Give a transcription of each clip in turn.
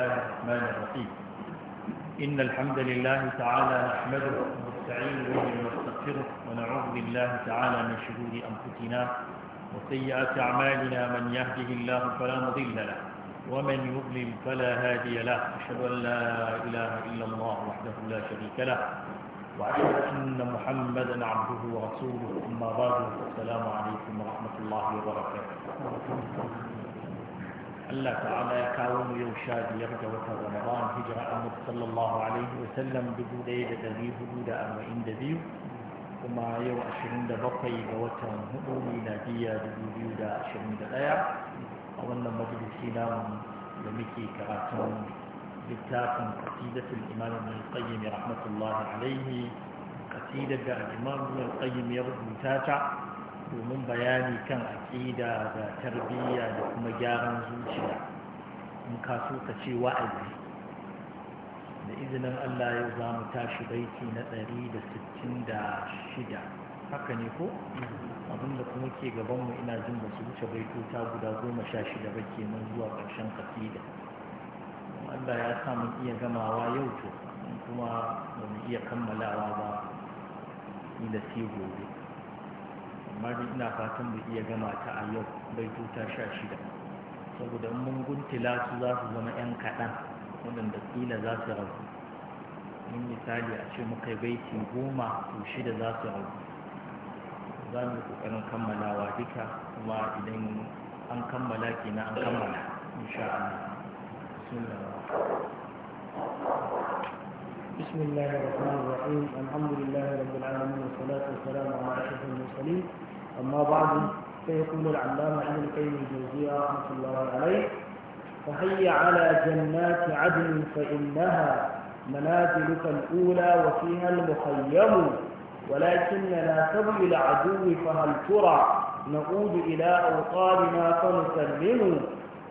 الله الرحمن الرحيم إن الحمد لله تعالى نحمده ونستعين به ونستغفره ونعوذ بالله تعالى من شرور أنفسنا وسيئات أعمالنا من يهده الله فلا مضل له ومن يظلم فلا هادي له أشهد أن لا إله إلا الله وحده لا شريك له وأشهد أن محمدا عبده ورسوله أما بعد السلام عليكم ورحمة الله وبركاته Allah ta'ala ya kawo mu yau sha biyar ga watan Ramadan hijira Ahmad sallallahu alaihi wa sallam dubu ɗaya da ɗari hudu da arba'in da biyu kuma yau ashirin da bakwai ga watan hudu miladiya dubu biyu da ashirin da ɗaya a wannan majalisi namu da muke karatun littafin qasidatul imam al qayyim rahmatullahi alaihi qasidar da imam ibn qayyim ya rubuta ta domin bayani kan aƙida da tarbiyya da kuma gyaran zuciya in ka so ka ce wa'azi da izinin Allah yau za mu tashi baiti na ɗari da sittin da shida haka ne ko abinda kuma ke gabanmu ina jin ba su wuce baitota guda goma sha shida ba nan zuwa ƙarshen kasida Allah ya sa mun iya gamawa yau to kuma ba mu iya kammalawa ba ila sai gobe amma da ina fatan mu iya gama ta a yau bai tuta sha shida saboda mun guntila su za su zama 'yan kaɗan waɗanda kila za su rabu mun misali a ce muka baiti goma to shida za su rabu za mu ƙoƙarin kammalawa duka kuma idan an kammala kenan an kammala insha Allah بسم الله الرحمن الرحيم الحمد لله رب العالمين والصلاة والسلام على أشرف المرسلين أما بعد فيقول العلامة ابن القيم الجوزية رحمة الله عليه فهي على جنات عدن فإنها منازلك الأولى وفيها المخيم ولكننا تبغي العدو فهل ترى نعود إلى أوطاننا فنسلم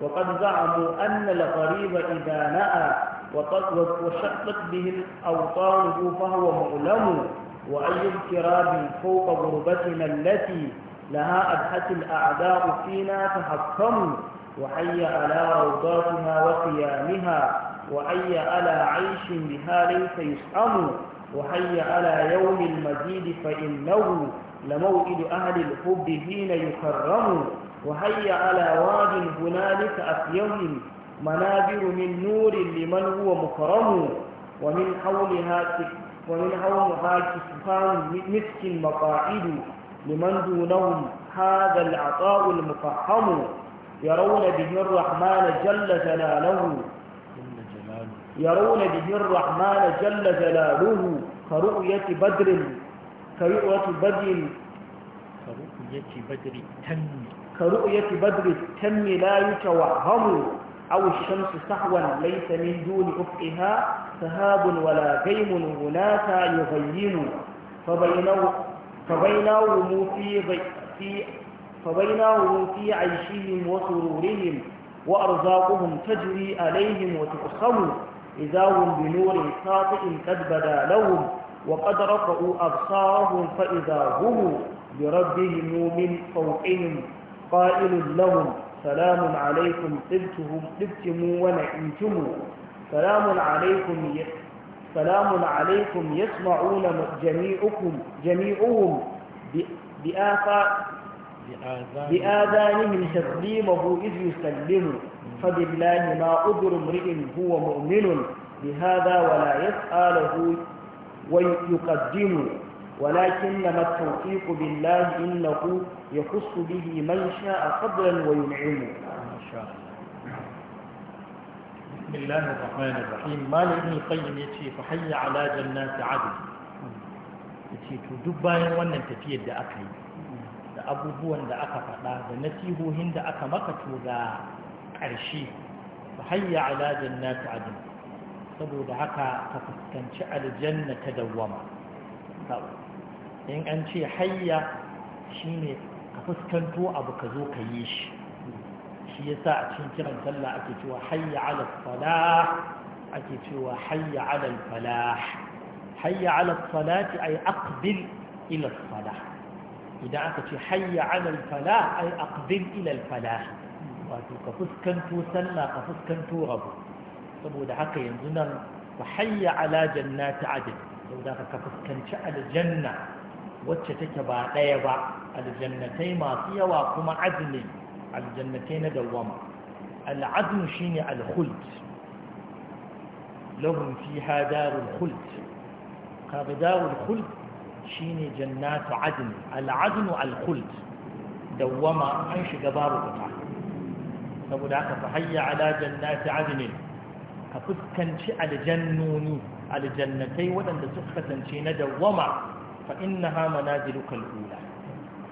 وقد زعموا أن الغريب إذا نأى وشقت به الأوطان فهو مؤلم وأي يذكر فوق غربتنا التي لها أبحت الأعداء فينا تحكم وحي على روضاتها وقيامها وحي على عيش بها ليس يسأم وحي على يوم المزيد فإنه لموئد أهل الحب حين يكرم وحي على واد هنالك أفيهم منابر من نور لمن هو مكرم ومن حولها ومن حولها كسفان مسك مقاعد لمن دونهم هذا العطاء المفحم يرون به الرحمن جل جلاله يرون به الرحمن جل جلاله كرؤية بدر كرؤية بدر كرؤية بدر التم كرؤية بدر التم لا يتوهم أو الشمس سحوا ليس من دون أفقها سهاب ولا غيم هناك يغين فبينهم في في فبينهم في عيشهم وسرورهم وأرزاقهم تجري عليهم وتقسم إذا هم بنور ساطع قد بدا لهم وقد رفعوا أبصارهم فإذا هم بربهم من فوقهم قائل لهم سلام عليكم طبتم طبتم ونعمتم سلام عليكم سلام عليكم يسمعون جميعكم جميعهم بآفا بآذانهم تسليمه إذ يسلم فبالله ما أذر امرئ هو مؤمن بهذا ولا يسأله ويقدم ولكن التوفيق بالله إنه يخص به من شاء قدرا وينعمه بسم الله الرحمن الرحيم ما لابن القيم يتي فحي على جنات عدن yace to duk bayan wannan tafiyar da aka yi da abubuwan da aka faɗa da nasihohin da aka maka to ga ƙarshe fa hayya ala jannati adn saboda haka ka fuskanci aljanna ta dawwama in an ce hayya shi ne ka fuskanto abu ka zo ka yi shi shi ya sa a cikin kiran sallah ake cewa hayya ala falah ake cewa hayya ala falah hayya ala salati ay aqbil ila salah idan aka ce hayya ala falah ay aqbil ila falah wato ka fuskanto sallah ka fuskanto rabu saboda haka yanzu nan fa hayya ala jannati adn saboda ka fuskanci aljanna wacce take ba ɗaya ba aljannatai masu yawa kuma azumi aljannatai na dawwama al'azmu shine al-khuld lahum fiha darul khuld kaga darul shi ne jannatu adn al-adnu al-khuld an shiga babu fita saboda haka fa hayya ala jannati adn ka fuskanci aljannuni aljannatai waɗanda suka kasance na dawwama fa innaha manaziluka al-ula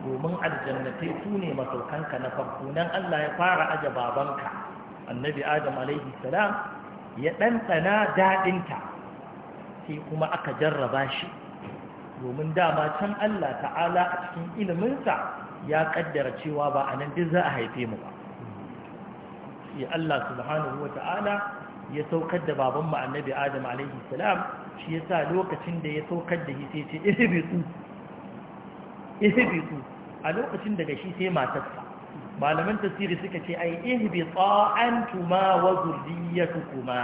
domin aljannatai su ne masaukanka na farko nan Allah ya fara aje babanka annabi adam alaihi salam ya ɗanɗana daɗinta sai kuma aka jarraba shi domin dama can Allah ta'ala a cikin iliminsa ya ƙaddara cewa ba a nan duk za a haife mu ba sai Allah subhanahu wa ta'ala ya saukar da babanmu annabi adam alaihi salam shi yasa lokacin da ya saukar da shi sai ce ihbitu ihbitu a lokacin daga shi sai matarsa malaman tasiri suka ce ai ihbita antuma wa zurriyatukuma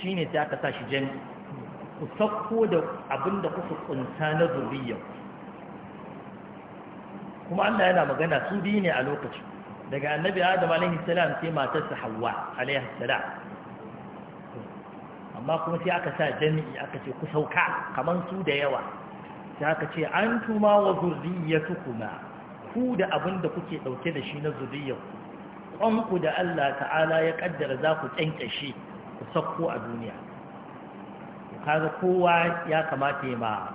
shine sai aka sa shi jami'i ku sakko da abinda kusa kunta na zurriyarku kuma Allah yana magana su biyu ne a lokacin daga annabi adam alaihi salam sai matarsa hawa alaihi salam amma kuma sai aka sa jami'i aka ce ku sauka kamar su da yawa sai aka ce an tuma wa zurriyatukuma ku da abin da kuke ɗauke da shi na zurriyarku ku da Allah ta'ala ya ƙaddara za ku ƙyanƙyashe ku sauko a duniya kaga kowa ya kamata ya ma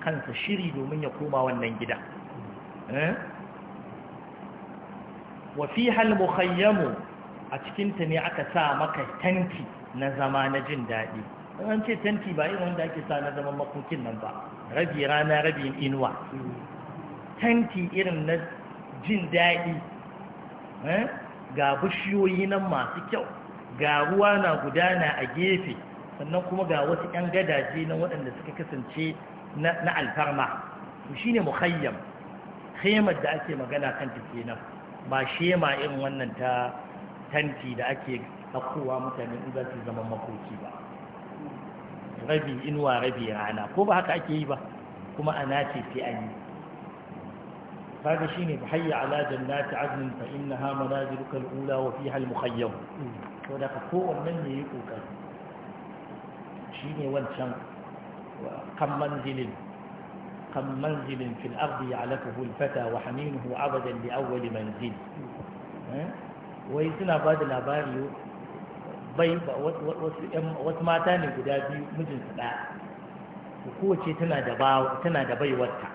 kansa shiri domin ya koma wannan gida eh? wa fi hal mukhayyamu a cikinta ne aka sa maka tanti na zama na jin daɗi an ce tenti ba irin wanda ake sa na zaman makokin nan ba rabi rana rabi inuwa tenti irin na jin daɗi eh? ga bishiyoyi nan masu kyau ga ruwa na gudana a gefe sannan kuma ga wasu 'yan gadaje na waɗanda suka kasance na alfarma to shi ne muhayyam da ake magana kanta kenan ba shema irin wannan ta tanti da ake ɗaukowa mutane in za su zama makoki ba rabi inuwa rabi rana ko ba haka ake yi ba kuma ana ce sai an yi kaga shine fa hayya ala jannati adnin fa innaha manaziluka al-ula wa fiha al to da ko wannan ne yi kokari shine wancan kan manzilin kan manzilin fil ardi ya'lakuhu al wa haminuhu abadan li awwal manzil eh? wai suna ba da labari ba wasu mata ne guda biyu mijinsu ɗaya kowace tana da tana da baiwarta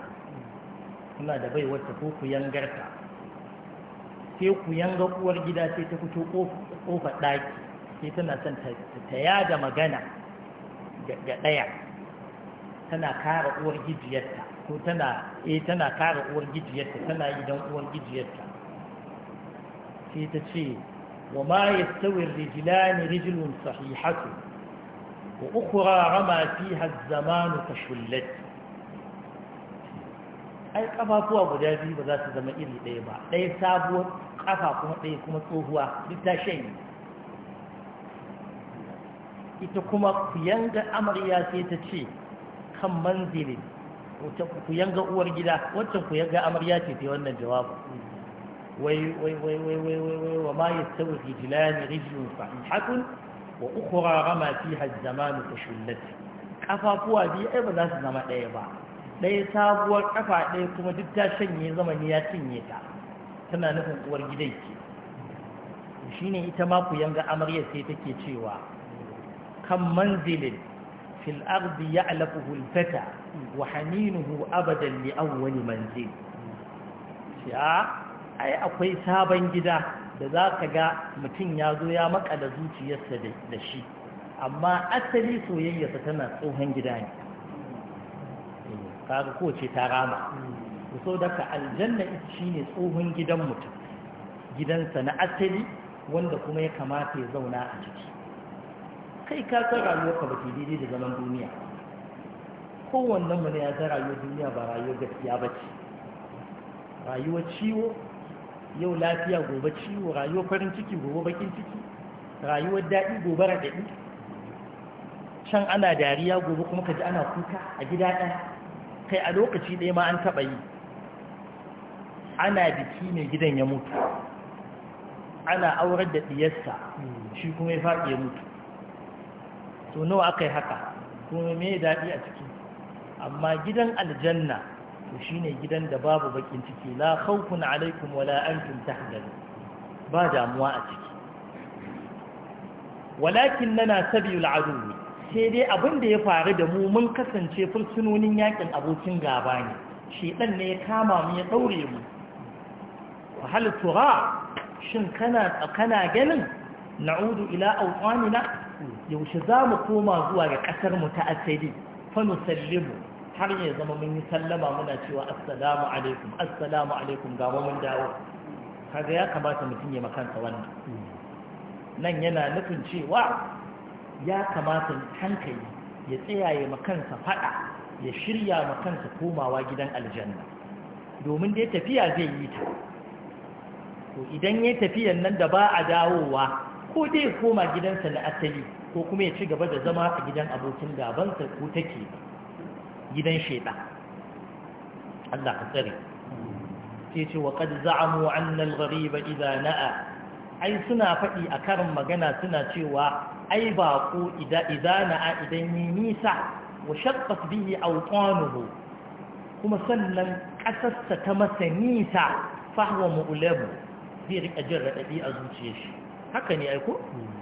tana da baiwarta ko ku yangarta sai ku yanga uwar gida sai ta fito kofar ɗaki sai tana son ta yada magana ga ɗaya tana kara uwar gijiyarta ko tana eh tana kara uwar gijiyarta tana yi don uwar gijiyarta sai ta ce وما يستوي الرجلان رجل صحيحة وأخرى رمى فيها الزمان كشلت ai kafafuwa guda biyu ba za su zama iri ɗaya ba ɗaya sabuwar kafa kuma ɗaya kuma tsohuwa duk ta shanye ita kuma kuyanga amarya sai ta ce kan manzilin kuyanga uwar amarya ce ta wannan وما يستوي في جلال رجل صحيحة وأخرى رمى فيها الزمان فشلت كفافوا دي أي بذات زمان أي با ɗaya sabuwar ƙafa ɗaya kuma duk ta shanye zamani ya cinye ta tana nufin uwar gidai ce shine ita ma ku yanga amarya sai take cewa kan manzilin fil ardi ya'lafuhu al-fata wa haninuhu abadan li awwali manzil ya ai akwai sabon gida da za ka ga mutum ya zo ya maƙala zuciyarsa da shi amma asali soyayyarsa tana tsohon gida ne eh, Ka ga kowace ta rama so hmm. daga aljanna ita ne tsohon gidan mutum gidansa na asali wanda kuma ya kamata ya zauna a ciki kai ka san ka ba daidai da zaman duniya kowannen mu ne ya san rayuwar duniya ba rayuwar gaskiya ba ce rayuwar ciwo yau lafiya gobe ciwo rayuwar farin ciki gobe bakin ciki rayuwar daɗi gobe raɗaɗi can ana dariya gobe kuma ka ji ana kuka a gida ɗan kai a lokaci ɗaya ma an taɓa yi ana biki mai gidan ya mutu ana aurar da ɗiyarsa shi kuma ya faɗi ya mutu to nawa aka yi haka kuma me daɗi a ciki amma gidan aljanna to shine gidan da babu bakin ciki la khawfun alaikum wala antum tahzanun ba damuwa a ciki walakin nana sabiyul aduwi sai dai abin da ya faru da mu mun kasance fursunonin yakin abokin gaba ne shedan ne ya kama mu ya daure mu hal tura shin kana kana ganin na'udu ila awqanina yaushe zamu koma zuwa ga kasar mu ta asali fa nusallimu har ya zama mun yi sallama muna cewa assalamu alaikum assalamu alaikum ga mun dawo kaga ya kamata mutum ya makanta wannan nan yana nufin cewa ya kamata hankali ya tsaya ya makansa fada ya shirya makansa komawa gidan aljanna domin da ya tafiya zai yi ta to idan ya tafiyan nan da ba a dawowa ko dai koma gidansa na asali ko kuma ya ci gaba da zama a gidan abokin gabansa ko take ba gidan shaitan Allah ka tsare sai ce wa qad za'amu anna ghariba na'a ai suna faɗi a karin magana suna cewa ai ba idza izana'a na'a idan yi nisa wa shaqqat bihi awqanuhu kuma sannan kasarsa ta masa nisa fahwa mu'lamu zai rika jin radadi a zuciyar shi haka ne aiko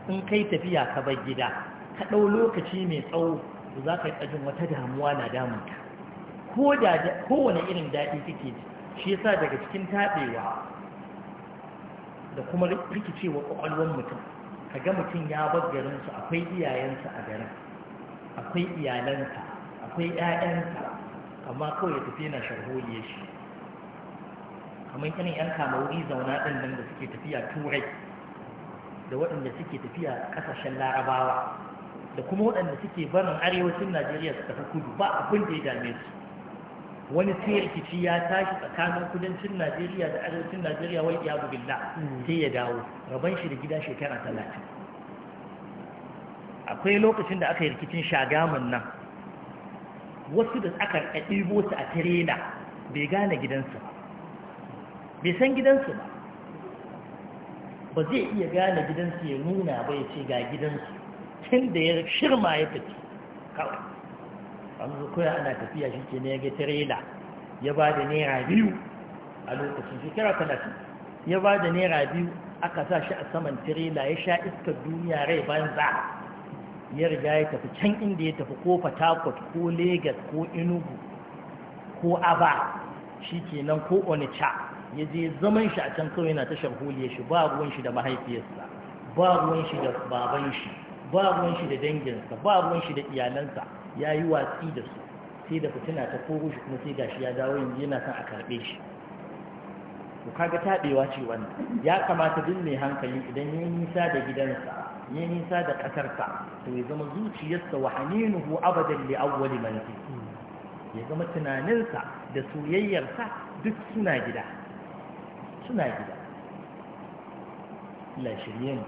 in kai tafiya ka bar gida ka ɗau lokaci mai tsawo to za ka yi ajin wata damuwa na damunta kowane irin daɗi kake shi yasa daga cikin taɓewa da kuma rikicewa ƙwaƙwalwar mutum ka ga mutum ya bar garinsu akwai iyayensa a garin akwai iyalansa akwai ƴaƴansa amma kawai ya tafi yana sharholiya shi kamar kanin 'yan kamauri zauna ɗin nan da suke tafiya turai da waɗanda suke tafiya ƙasashen larabawa da kuma waɗanda suke barin arewacin najeriya su tafi kudu ba abin da ya dame su wani sai rikici ya tashi tsakanin kudancin najeriya da arewacin najeriya wai ya bugilla sai ya dawo rabon shi da gida shekara talatin akwai lokacin da aka yi rikicin shagaman nan wasu da aka ɗibo su a tirela bai gane gidansu ba bai san gidansu ba ba zai iya gane gidansu ya nuna ba ya ce ga gidansu bakin da ya shirma ya tafi kawai an koya ana tafiya shi ke ne ya ga tirela ya ba da naira biyu a lokacin shekara talatin ya ba da naira biyu aka sa shi a saman tirela ya sha iskar duniya rai banza ya riga ya tafi can inda ya tafi ko fatakot ko Legas ko inugu ko aba shi ke nan ko onitsha ya je zaman shi a can kawai na tashar huliyar shi ba ruwan shi da mahaifiyarsa ba ruwan shi da baban shi ba ruwan shi da danginsa ba ruwan shi da iyalansa ya yi watsi da su sai da fitina ta koro shi kuma sai gashi ya dawo yanzu yana son a karɓe shi to kaga taɓewa ce wannan ya kamata duk mai hankali idan ya nisa da gidansa ya nisa da ƙasarsa to ya zama zuciyarsa wa haninuhu abadan li awwali manzi ya zama tunaninsa da soyayyarsa duk suna gida suna gida la shirye ne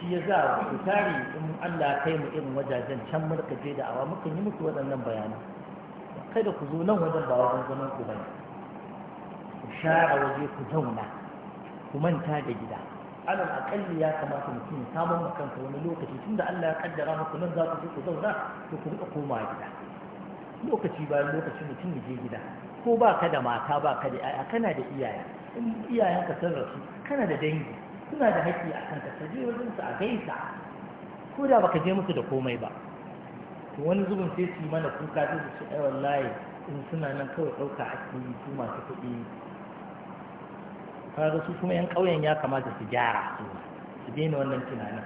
shi ya za ku tari in Allah kai mu irin wajajen can murka je da awa mukan yi muku waɗannan bayanan kada ku zo nan wajen ba wajen zaman ku bane ku share waje ku zauna ku manta da gida alal akalli ya kamata mutum ya samu kanka wani lokaci tunda Allah ya kaddara muku nan za ku je ku zauna to ku rika koma gida lokaci bayan lokaci mutum ya je gida ko ba ka da mata ba ka da 'ya'ya kana da iyaye in iyayenka sun rasu kana da dangi suna da haƙƙi a kanka ka je wajen su a gaisa ko da baka je musu da komai ba to wani zubin sai su yi mana kuka sai su ce ai wallahi in suna nan kawai ɗauka ake yi su masu kuɗi kaga su kuma yan ƙauyen ya kamata su gyara su su daina wannan tunanin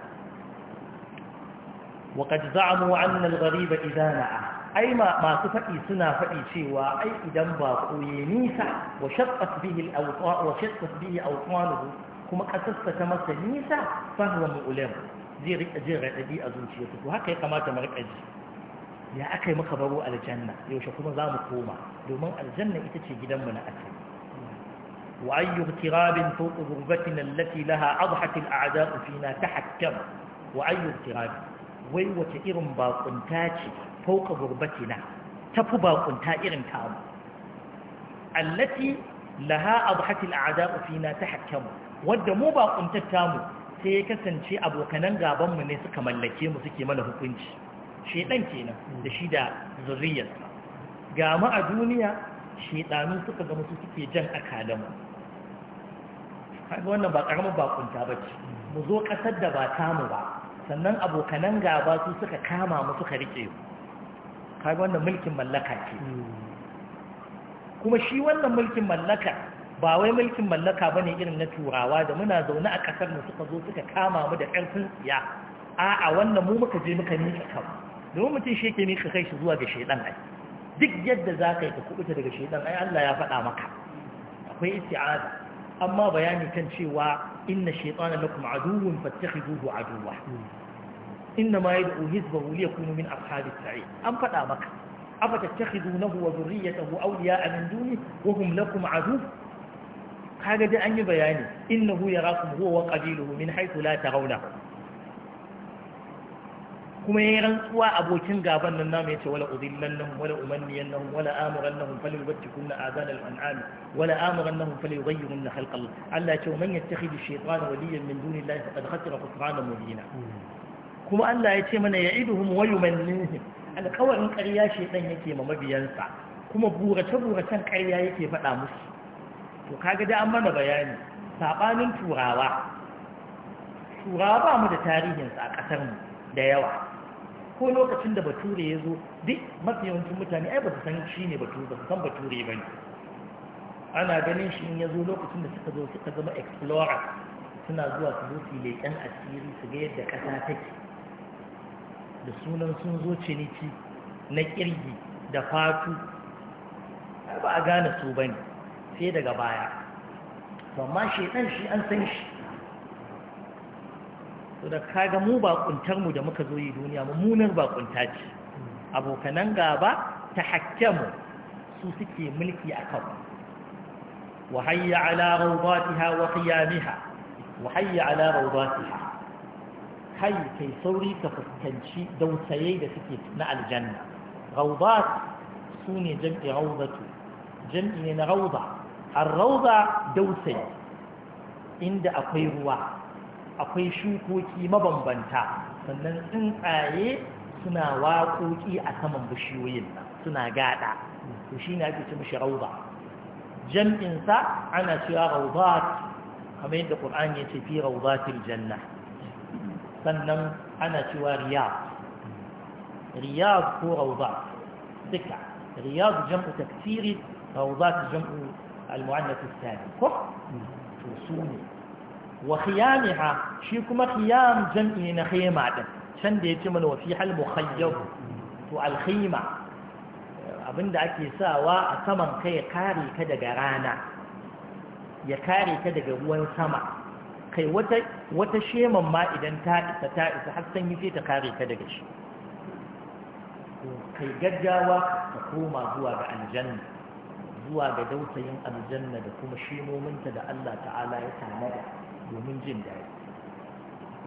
وقد زعموا أن الغريب إذا نعى أي faɗi ما تفقي سنا فقي شيوا أي إذا باقوا ينيسا وشقت به الأوطان وشقت به أوطانه kuma a sassata masa nisa fahuwa mu'ulam zai riƙa jin raɗaɗi a zuciyarsa to haka ya kamata mu riƙa ji ya aka yi maka baro aljanna yaushe kuma za mu koma domin aljanna ita ce gidanmu na asali wa ayyu tirabin fuqu ghurbatin allati laha adhat al'a'da'u fina tahakkam wa ayyu tirab wai wace irin bakunta ce fawqa ghurbatina tafi bakunta irin ta mu allati laha adhat al'a'da'u fina tahakkam wadda mu ba kuntatta mu sai ya kasance abokanan gabanmu ne suka mallake mu suke mana hukunci shedan kenan da shi da zuriyarsa ga mu a duniya shedanu suka ga musu suke jan akadamu. kaga wannan ba karamin bakunta bace mu zo kasar da ba tamu ba sannan abokanan gaba su suka kama mu suka rike mu kaga wannan mulkin mallaka ce hmm. kuma shi wannan mulkin mallaka ba wai mulkin mallaka ba ne irin na turawa da muna zaune a ƙasar mu suka zo suka kama mu da ƙarfin tsiya a'a wannan mu muka je muka miƙa kan domin mutum shi yake miƙa kai shi zuwa ga shaidan ai duk yadda za ka yi ka kuɓuta daga shaidan ai Allah ya faɗa maka akwai isti'aza amma bayani kan cewa inna shaitana lakum aduwwun fattakhiduhu aduwwa inna ma yad'u hizbahu liyakunu min ashabis sa'id an faɗa maka afa tattakhidunahu wa dhurriyyatahu awliya'a min duni wa hum lakum kaga da an yi bayani innahu yarakum huwa wa qabiluhu min haythu la tarawna kuma yayin rantsuwa abokin gaban nan namu yace wala udillannahum wala umanniyannahum wala amurannahum falyubtikunna azan al-an'am wala amurannahum falyughayyirunna khalqa Allah Allah yace man yattakhidhu shaytana waliyan min dunillahi faqad khasira khusranan mubina kuma Allah yace mana ya'iduhum wa yumannihim alƙawarin ƙarya shaytan yake ma mabiyansa kuma burace-buracen ƙarya yake faɗa musu to kaga da an mana bayani sabanin turawa turawa ba mu da tarihinsu a kasar mu da yawa ko lokacin da bature ya zo duk mafi yawancin mutane ai ba su san shi ne bature ba su san bature ba ne ana ganin shi in yazo lokacin da suka zo suka zama explorer suna zuwa su zo leƙen asiri su ga yadda ƙasa take da sunan sun zo ciniki na kirgi da fatu ba a gane su ba ne sai daga baya amma shaitan shi an san shi to da kaga mu bakuntar mu da muka zo yi duniya mu mummunar bakunta ce abokanan gaba ta hakkamu su suke mulki a kan wahayya ala rawdatiha wa qiyamiha wahayya ala rawdatiha kai kai sauri ka fuskanci dausaye da suke na aljanna rawdat sune jam'i rawdatu jam'i ne na rawda arrauza dausayi inda akwai ruwa akwai shukoki mabambanta sannan tsuntsaye suna waƙoƙi a saman bishiyoyin suna gada to shi na ake ce mashi rauza jam'insa ana cewa rauzat kamar yadda ƙur'an ya ce fi rauzatil janna sannan ana cewa Riyaz. Riyaz ko rauzat duka riyad jam'u tafsiri rauzat jam'u المؤنث الثاني كف توسوني وخيامها شي كما خيام جمعين خيمة شن دي يتمنى وفيها المخيب تو الخيمة abinda ake sawa a saman ka ya kare ka daga rana ya kare ka daga ruwan sama kai wata wata sheman ma idan ta isa ta isa har sanyi sai ta kare ka daga shi kai gaggawa ka koma zuwa ga aljanna zuwa ga dausayin aljanna da kuma shimominta da Allah ta'ala ya tanada domin jin daɗi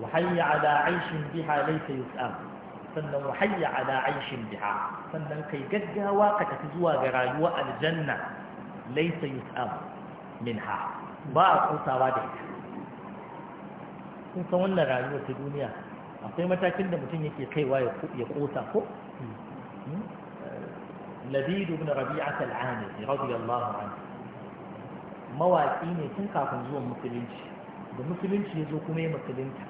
wa hayya ala aishin biha laysa yus'am sannan wa hayya ala aishin biha sannan kai gaggawa ka tafi zuwa ga rayuwa aljanna laysa yus'am minha ba a kusawa da ita kun san wannan rayuwa ta duniya akwai matakin da mutum yake kaiwa ya kosa ko لبيد بن ربيعة العامري رضي الله عنه mawaƙi ne tun kafin zuwan musulunci da musulunci ya zo kuma ya musulunta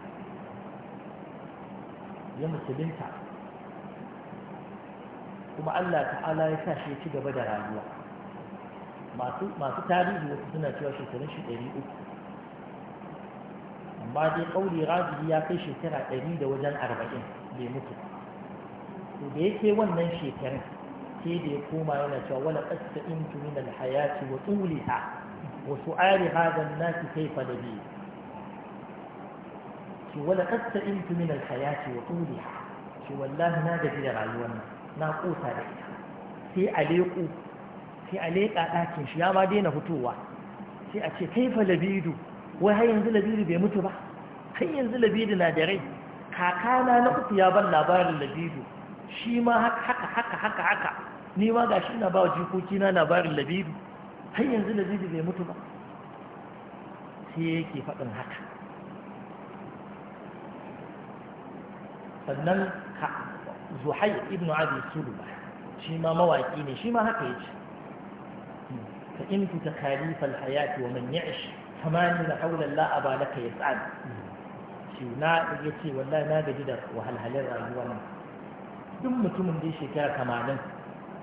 ya musulunta kuma Allah ta'ala ya sa shi ya ci gaba da rayuwa masu tarihi wasu suna cewa shekarun shi ɗari uku amma dai ƙauri rajiri ya kai shekara ɗari da wajen arba'in bai mutu to da yake wannan shekarun sai da ya koma yana cewa wala qasta intu min alhayati wa tuliha wa su'ali hadha an-nas kayfa nabi shi wala qasta intu min alhayati wa tuliha shi wallahi na gaji da rayuwar nan na kusa da ita sai a leƙo sai a leƙa ɗakin shi ya ma daina fitowa sai a ce kaifa labidu wai har yanzu labidu bai mutu ba har yanzu labidu na da rai kakana na uku ya ban labarin labidu shi ma haka haka haka haka haka ni ma ga shi na ba wa jikokina labarin labidu har yanzu labidu bai mutu ba sai yake faɗin haka sannan zuhai ibn abi ba shi ma mawaƙi ne shi ma haka ya ce ka in ta khalifa hayati wa man ya'ish tamanin haula la aba ya yas'al shi na yace wallahi na gaji da wahalhalin rayuwa nan duk mutumin da ya shekara 80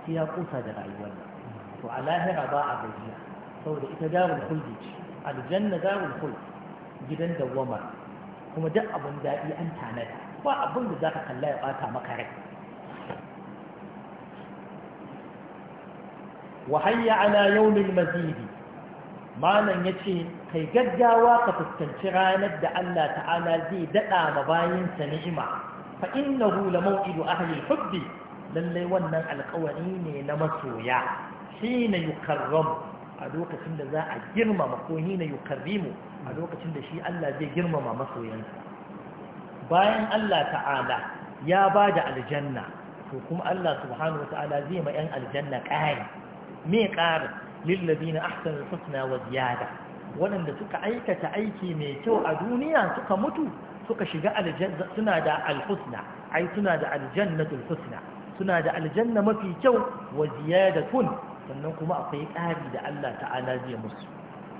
في قوسا دغا وعلى هر ضاع بجي صور اتدار الخلد على الجنة دار الخلد جبن دوما كما دع ابن دائي انت عمد وابن ذاك قال يقاتا مكارك وحي على يوم المزيد ما لن يتشي كي قد جاواك فستنشران ادى الله تعالى زي دقى مباين سنعمة فإنه لموئد أهل الحب lallai wannan alkawari ne na masoya hina yukarramu a lokacin da za a girmama ko hina yukarrimu a lokacin da shi Allah zai girmama masoyansa bayan Allah ta'ala ya ba da aljanna to kuma Allah subhanahu wata'ala zai ma 'yan aljanna ƙari me ƙari na ahsanul husna wa ziyada waɗanda suka aikata aiki mai kyau a duniya suka mutu suka shiga aljanna suna da alhusna ai suna da aljannatul husna suna da aljanna mafi kyau wa ziyadatun sannan kuma akwai ƙari da Allah ta'ala zai musu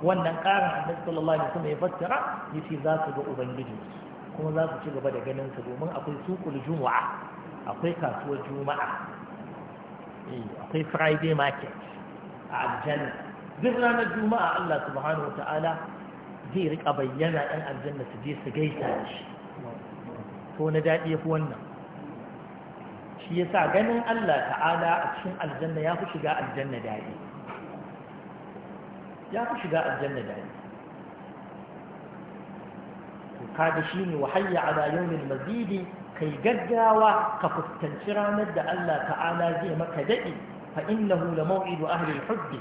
wannan ƙarin annabi sallallahu alaihi wasallam ya fassara yace za su ga ubangiji kuma za su ci gaba da ganin sa domin akwai suqul jumu'a akwai kasuwar juma'a eh akwai friday market a aljanna duk ranar juma'a Allah subhanahu wa ta'ala zai rika bayyana ɗan aljanna su je su gaisa da shi to na daɗi ya fi wannan shi ganin Allah ta'ala a cikin aljanna ya fi shiga aljanna daɗi, ya fi shiga aljanna dadi kaga shine wahayya a yawmil mazidi kai gaggawa ka fuskanci ranar da Allah ta'ala zai maka dadi fa inna hula maw'idu da al-hubbi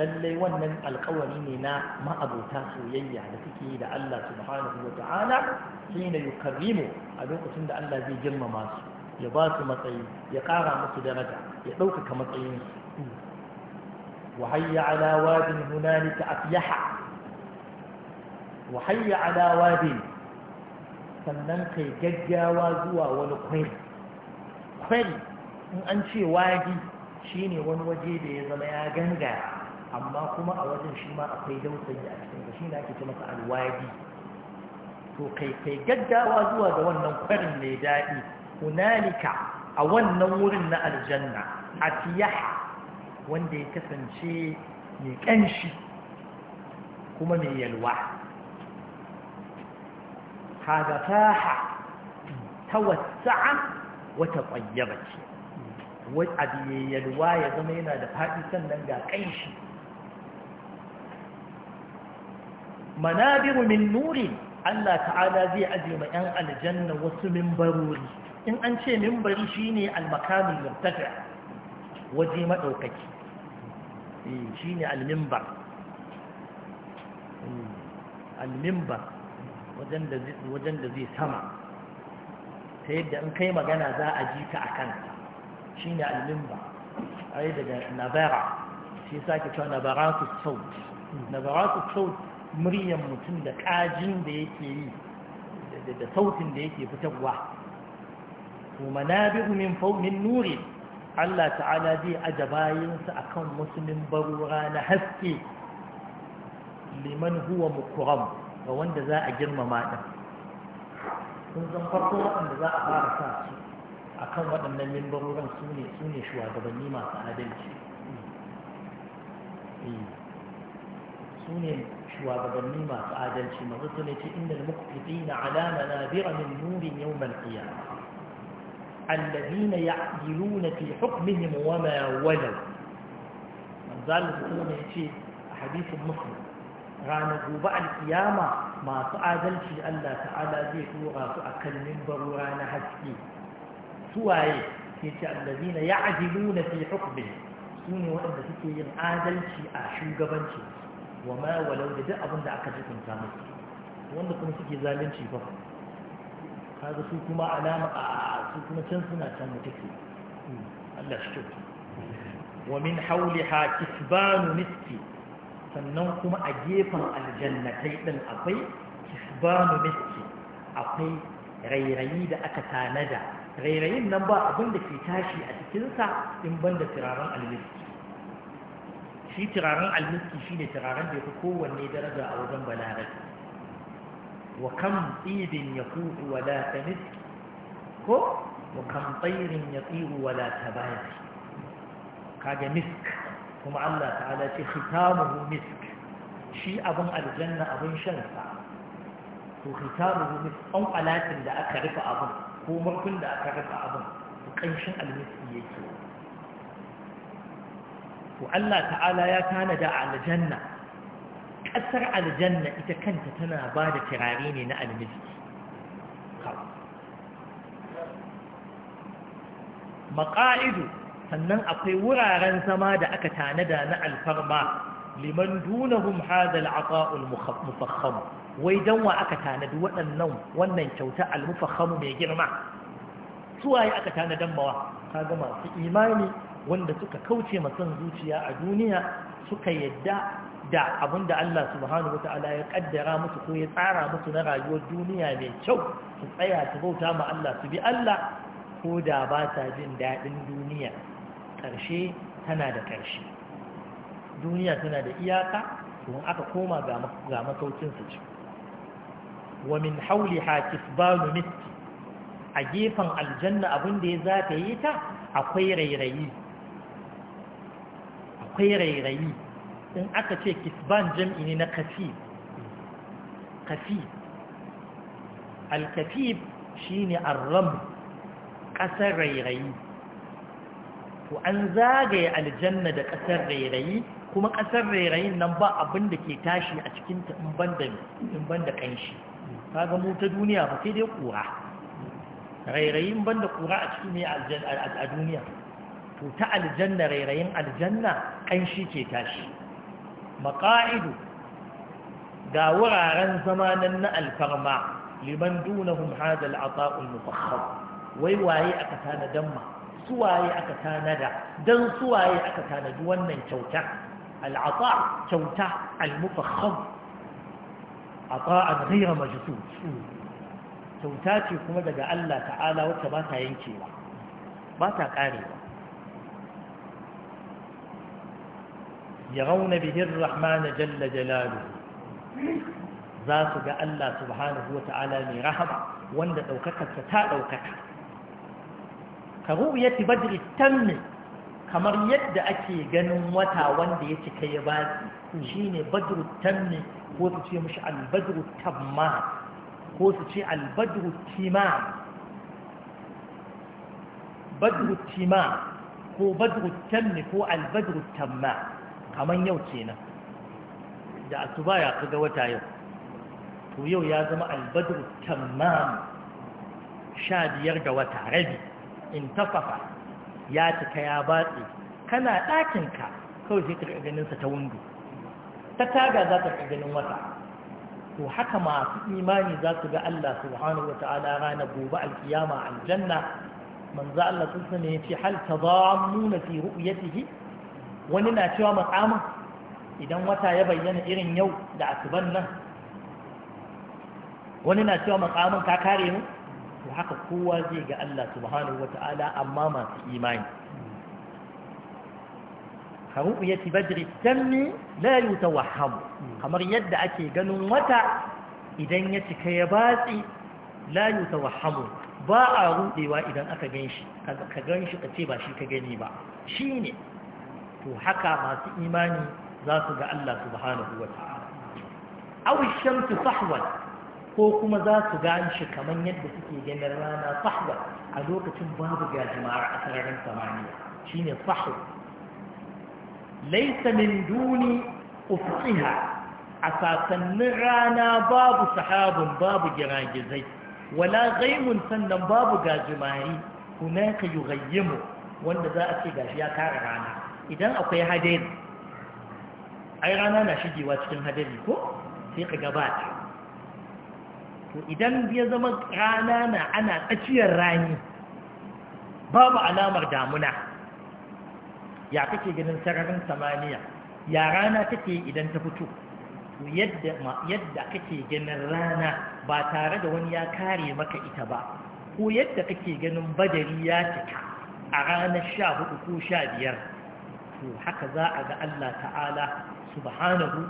lallai wannan alkawari ne na ma'abota soyayya da suke da Allah subhanahu wa ta'ala shi ne yukarrimu a lokacin da Allah zai girmama su ya ba su matsayi ya ƙara musu daraja ya ɗaukaka matsayin su wa hayya ala wadin hunalika afyaha wa hayya ala wadin sannan kai gaggawa zuwa wani kwari kwari in an ce wadi shine wani waje da ya zama ya ganga amma kuma a wajen shi ma akwai dausayi a cikin shi ne ake ce masa alwadi to kai kai gaggawa zuwa ga wannan kwarin mai daɗi hunalika a wannan wurin na aljanna atiyaha wanda ya kasance mai ƙanshi kuma mai yalwa hagafaha tawassa'a wata ƙwayyaba ce wani abu ya yalwa ya zama yana da faɗi sannan ga ƙanshi manabiru min nurin Allah ta'ala zai aje ma 'yan aljanna wasu mimbarori in an ce mimbari shine al-makamin murtafi waje madaukaki eh, shine al Almimbar eh, al wajen da zai sama ta yadda in kai magana za a ji ta akan shine almimbar. mimbar ai daga nabara shi sake cewa nabaratu saut nabaratu saut muryan mutum da kajin da yake yi da sautin da yake fitarwa to manabi'u min fawmin nuri Allah ta'ala zai aje bayansa akan wasu barura na haske liman huwa mukram ga wanda za a girmama din kun san farko wanda za a fara sa su akan waɗannan mimbaruran sune ne su ne shugabanni masu adalci eh. سنين شواب ظنيمة آجل شمغطنة إن المقتدين على منابر من نور يوم القيامة الذين يعدلون في حكمهم وما ولوا من ذلك سنة شيء حديث مخلص غانا جوبا القيامة ما سأجل شيء الله تعالى ذي فوقا فأكل من برورانا حسكي سوائي كيش الذين يعدلون في حكمهم سنة وإن ذكي ينعادل شيء أشوق بنشي wa ma walau da duk abin da aka jikunta musu wanda kuma suke zalunci ba kaga su kuma alama a su kuma can suna can mutuke Allah shi kyautu wa min hawliha kisbanu miski sannan kuma a gefen aljannatai din akwai kisbanu miski akwai rairayi da aka tanada rairayin nan ba abin da ke tashi a cikinsa in banda turaren almiski shi turaren almiski shi ne turaren da ya fi kowanne daraja a wajen balarai wa kan tsibin ya kuɗu wa la ta miski ko wa kan tsairin ya tsiru wa la ta bayani kaga misk kuma Allah ta'ala ce khitamuhu misk shi abin aljanna abin shansa to khitamuhu misk an alatin da aka rufe abin ko murfin da aka rufe abin to kanshin almiski yake to Allah ta'ala ya tanada aljanna ƙasar aljanna ita kanta tana ba da turare ne na almiski maƙa'idu sannan akwai wuraren zama da aka tanada na alfarma liman dunahum hadal ata'ul mufakham wai dan wa aka tanadi waɗannan wannan kyauta almufakhamu mai girma suwaye aka tanadan mawa kaga masu imani wanda suka kauce masan zuciya a duniya suka yadda da abunda Allah subhanahu wata'ala ya kaddara musu ko ya tsara musu na rayuwar duniya mai kyau su tsaya su bauta ma Allah su bi Allah ko da ba ta jin daɗin duniya ƙarshe tana da ƙarshe duniya tana da iyaka domin aka koma ga su ce wa min hauli hakif banu mitti a gefen aljanna abin da ya za ta yi ta akwai rairayi akwai rairayi in aka ce kisban jam'i ne na kafi kafi alkafib shi ne arram ƙasar rairayi to an zagaye aljanna da ƙasar rairayi kuma ƙasar rairayin nan ba abin da ke tashi a cikinta in da ƙanshi Ta mu ta duniya ba sai dai ƙura rairayin ban da ƙura a cikin ne a duniya to ta aljanna rairayin aljanna ƙanshi ke tashi maƙa'idu ga wuraren zamanin na alfarma liman dunahum hadal ata'ul mufakhkhar wai waye aka tanadan ma suwaye aka tanada dan suwaye aka tanadi wannan kyauta al'ata kyauta al-mufakhkhar ata'an ghayra majzud kyauta ce kuma daga Allah ta'ala wacce ba ta yankewa ba ta karewa يرون به الرحمن جل جلاله ذات جاء الله سبحانه وتعالى لرحمة وان دوكك ستا دوكك كرؤية بدر التم kamar yadda ake ganin wata wanda ya cika ya baki shine badru tammi ko su ce mishi albadru tamma ko su ce albadru tima, badru ko badru ko albadru tamma kamar yau kenan da asuba ya kaga wata yau to yau ya zama albadru tamam sha biyar ga wata rabi in tafafa ya cika ya batse kana ɗakinka kawai sai ka ganinsa ta wundu ta taga za ka ganin wata to haka masu imani za su ga Allah subhanahu wa ta'ala rana gobe alkiyama aljanna manzo Allah sun sani ya ce hal tadamuna fi ru'yatihi wani na cewa matsama idan wata ya bayyana irin yau da asuban nan wani na cewa matsamin ka kare mu to haka kowa zai ga Allah subhanahu wata'ala amma masu imani ka ru'yati badri tammi la yutawahham kamar yadda ake ganin wata idan ya cika ya batsi la wahamu ba a rudewa idan aka ganshi ka ganshi ka ce ba shi ka gani ba shi ne. to haka masu imani za su ga Allah subhanahu wa ta'ala aw shamsu sahwan ko kuma za su ga shi kamar yadda suke ganin rana sahwa a lokacin babu gajimar a sararin samaniya shine sahwa laysa min duni ufqiha a sasannin rana babu sahabun babu giragizai wala gaimun sannan babu gajimari hunaka yughayyimu wanda za a ce gashi ya kara rana idan akwai hadari ai rana na shigewa cikin hadari ko sai ka gabata to idan ya zama rana na ana tsakiyar rani babu alamar damuna ya kake ganin sararin samaniya ya rana take idan ta fito to yadda kake ganin rana ba tare da wani ya kare maka ita ba ko yadda kake ganin badari ya cika a ranar sha hudu ko sha biyar to haka za a ga Allah ta'ala subhanahu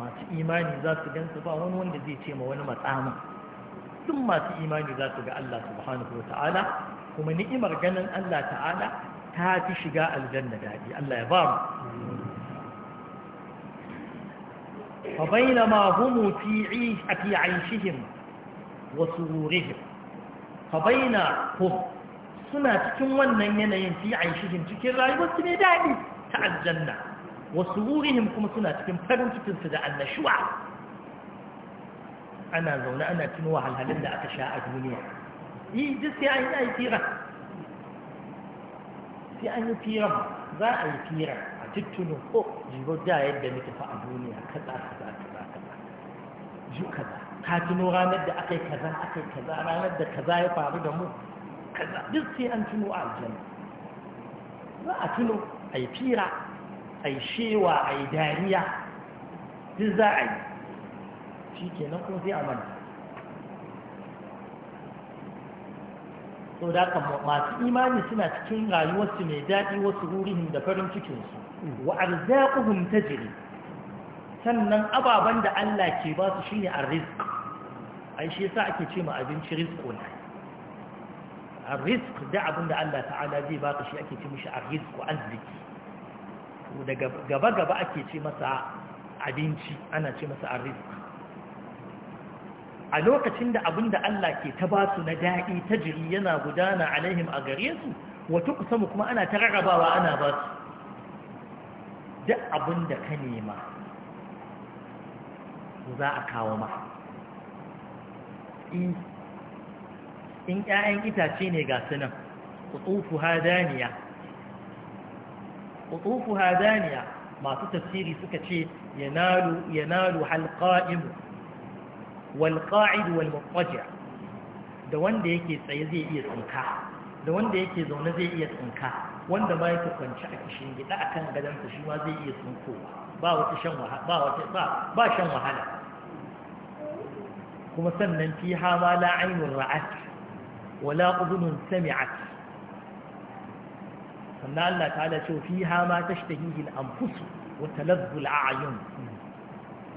masu imani za su gansu ba wani wanda zai ce ma wani matsama duk masu imani za su ga Allah subhanahu wa ta'ala kuma ni'imar ganin Allah ta'ala ta fi shiga aljanna daɗi Allah ya ba mu فبينما هم في, عيش في عيشهم وسرورهم فبين suna cikin wannan yanayin fi aishihim cikin rayuwarsu ne daɗi ta aljanna wasu wurihim kuma suna cikin farin cikinsu da annashuwa ana zaune ana tuno wahalhalin da aka sha a duniya yi duk sai an yi firar. sai an yi firar, za a yi firar a tittuno ko oh, jibo da yadda muke fa a duniya kaza kaza kaza kaza ju kaza ka tuno ranar da aka yi kaza aka yi kaza ranar da kaza ya faru da mu kaza duk sai an tuno a aljanna za a tuno a yi fira a yi shewa a yi dariya duk za a yi shi kenan kuma sai a manta sau da haka masu imani suna cikin rayuwarsu mai daɗi wasu rurihin da farin cikinsu wa arzaƙuhum ta jiri sannan ababen da Allah ke ba su shine a rizk ai shi yasa ake ce ma abinci rizko na arzik da abin da Allah ta'ala zai baka shi ake ce mishi arzik ko arziki daga gaba-gaba ake ce masa abinci ana ce masa arzik a lokacin da abin da Allah ke ta ba su na daɗi ta jiri yana gudana alaihim a gare su wata kusamu kuma ana ta rarrabawa ana ba su duk abin da ka nema za a kawo ma in 'ya'yan itace ne ga sunan qutufu hadaniya qutufu masu tafsiri suka ce yanalu yanalu halqa'im wal da wanda yake tsaye zai iya tsinka da wanda yake zaune zai iya tsinka wanda ma yake kwanci a kishin gida a kan gadonsa shi ma zai iya tsinko, ba wata shan wahala kuma sannan fi hama la ainun wala udunun sami'at sannan Allah ta'ala ce fiha ma tashtahihi al-anfus wa talazzu al-a'yun